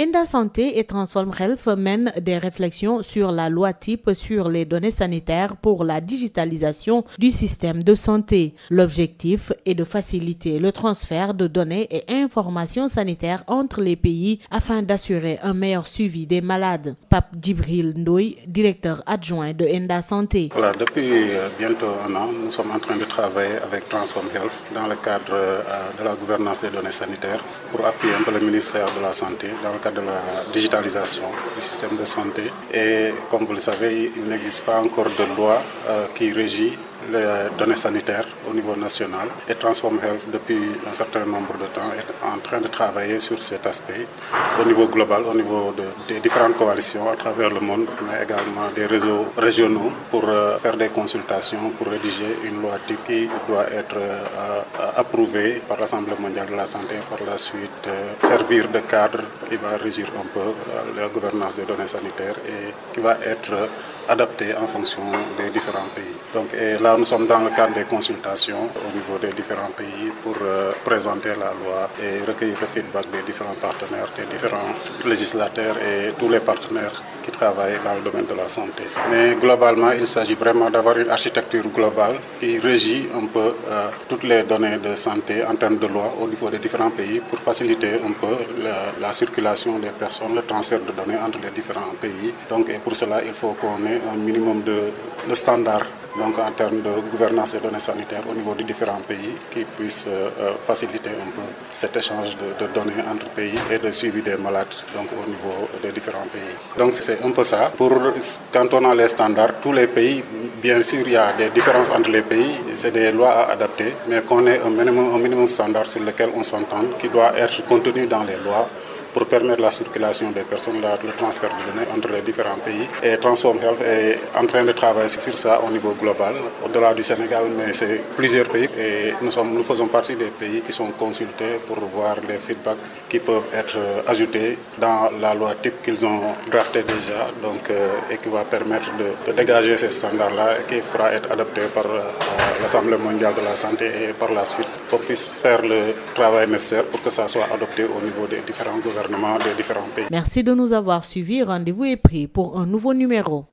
Enda Santé et Transform Health mènent des réflexions sur la loi type sur les données sanitaires pour la digitalisation du système de santé. L'objectif est de faciliter le transfert de données et informations sanitaires entre les pays afin d'assurer un meilleur suivi des malades. Pape Djibril Ndoy, directeur adjoint de Enda Santé. depuis euh, bientôt un an, nous sommes en train de travailler avec Transform Health dans le cadre euh, de la gouvernance des données sanitaires cadre de la digitalisation du système de santé. Et comme vous le savez, il n'existe pas encore de loi euh, qui régit les données sanitaires au niveau national. Et Transform Health, depuis un certain nombre de temps, est en train de travailler sur cet aspect au niveau global, au niveau de, des différentes coalitions à travers le monde, mais également des réseaux régionaux pour euh, faire des consultations, pour rédiger une loi type qui doit être euh, approuvée par l'Assemblée mondiale de la santé et par euh, de cadre qui va régir un peu euh, la et qui va être adaptée en fonction des différents pays. là, nous sommes dans le cadre des consultations au niveau des différents pays pour euh, présenter la loi et recueillir le feedback des différents partenaires, des différents législateurs et tous les partenaires qui travaillent dans le domaine de la santé. Mais globalement, il s'agit vraiment d'avoir une architecture globale qui régit un peu euh, toutes les données de santé en termes de loi au niveau des différents pays pour faciliter un peu la, circulation des personnes, le transfert de données entre les différents pays. Donc, et pour cela, il faut de, de standards donc en termes de gouvernance des données sanitaires au niveau des différents pays qui puissent euh, euh, faciliter un peu cet échange de, de, données entre pays et de suivi des malades donc au niveau des différents pays. Donc c'est un peu ça. Pour quand on a les standards, tous les pays, bien sûr il y a des différences entre les pays, c'est des lois à adapter, mais qu'on un minimum, un minimum standard sur lequel on s'entend, qui doit être contenu dans les lois pour permettre la circulation des personnes, la, le transfert de données entre les différents pays. Et Transform en train de travailler sur ça au niveau global, au-delà du mais c'est plusieurs pays. Et nous, sommes, nous faisons partie des pays qui sont consultés pour voir les feedbacks qui peuvent être ajoutés dans la loi type qu'ils ont draftée déjà donc, euh, et qui va permettre de, de dégager ces standards-là et qui pourra être adopté par euh, l'Assemblée mondiale de la santé et par la suite gouvernements des Merci de nous avoir suivis. Rendez-vous est pour un nouveau numéro.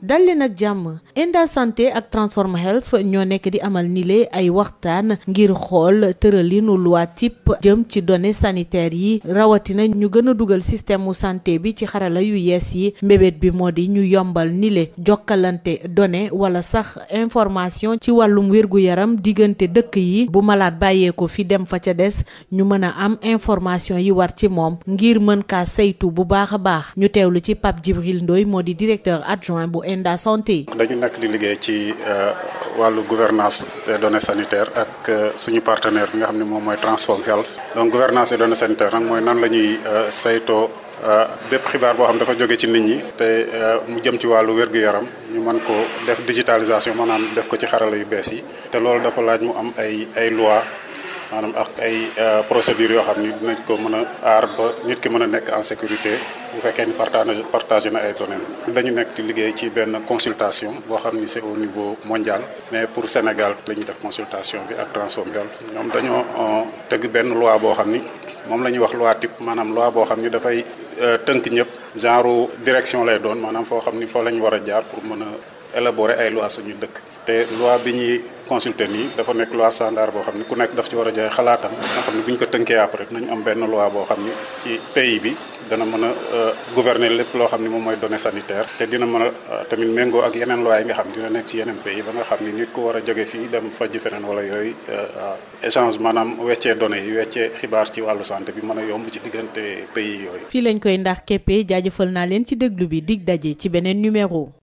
dal leen ak jàmm Enda Santé ak Transform Health ñoo nekk di amal nile ay waxtaan ngir xool tëralinu loi type jëm ci donné sanitaires yi rawatina ñu gën a dugal système mu santé bi ci xarala yu yees yi mbébét bi moo di ñu yombal nile jokkalante donné wala sax information ci wàllum wér yaram diggante dëkk yi bu malaat bàyyee ko fi dem fa ca des ñu mën a am information yi war ci moom ngir mën kaa saytu bu baax a baax ñu teewlu ci Pape Djibril Ndoy moo ENDA santé. dañu nekk di liggéey ci euh, wàllu gouvernance des données sanitaires ak euh, suñu partenaire bi nga xam ne moom mooy Transform Health. donc gouvernance des données sanitaires nag mooy nan la ñuy euh, saytoo bépp xibaar boo xam dafa jóge ci nit ñi. te mu jëm ci wàllu wér-gu-yaram ñu mën ko def digitalisation maanaam def ko ci xarala yu bees yi. te loolu dafa laaj mu am ay ay loi maanaam ak ay euh, procédures yoo xam ni dinañ ko mën a aar ba nit ki mën a nekk en sécurité bu fekkee ni partagé partagé na ay données dañu nekk di liggéey ci benn consultation boo xam ni c'est au niveau mondial mais pour Sénégal la ñuy def consultation bi ak Transform Health ñoom dañoo euh, tëgg benn loi boo xam ni moom la ñuy wax loi type maanaam loi boo xam ni dafay euh, tënk ñëpp genre direction lay doon maanaam foo xam ni foo la ñu war a jaar pour mën a élaborer ay lois suñu dëkk. te loi bi ñuy consulter nii dafa nekk loi standard boo xam ne ku nekk daf ci war a joxe xalaatam nga xam ne bu ñu ko tënkee après nañ am benn loi boo xam ne ci pays bi dana mën a euh, gouverner lépp loo xam ne moom mooy données sanitaires te dina mën a euh, tamit méngoo ak yeneen loi yi nga xam ne dina nekk ci yeneen pays ba nga xam ni nit ku war a jóge fii dem fajj feneen wala yooyu euh, échange maanaam weccee données yi weccee xibaar ci wàllu santé bi mën a yomb ci diggante pays yooyu. fii lañ koy ndax képpee jaajëfal naa leen ci déglu bi dig daje ci beneen numéro.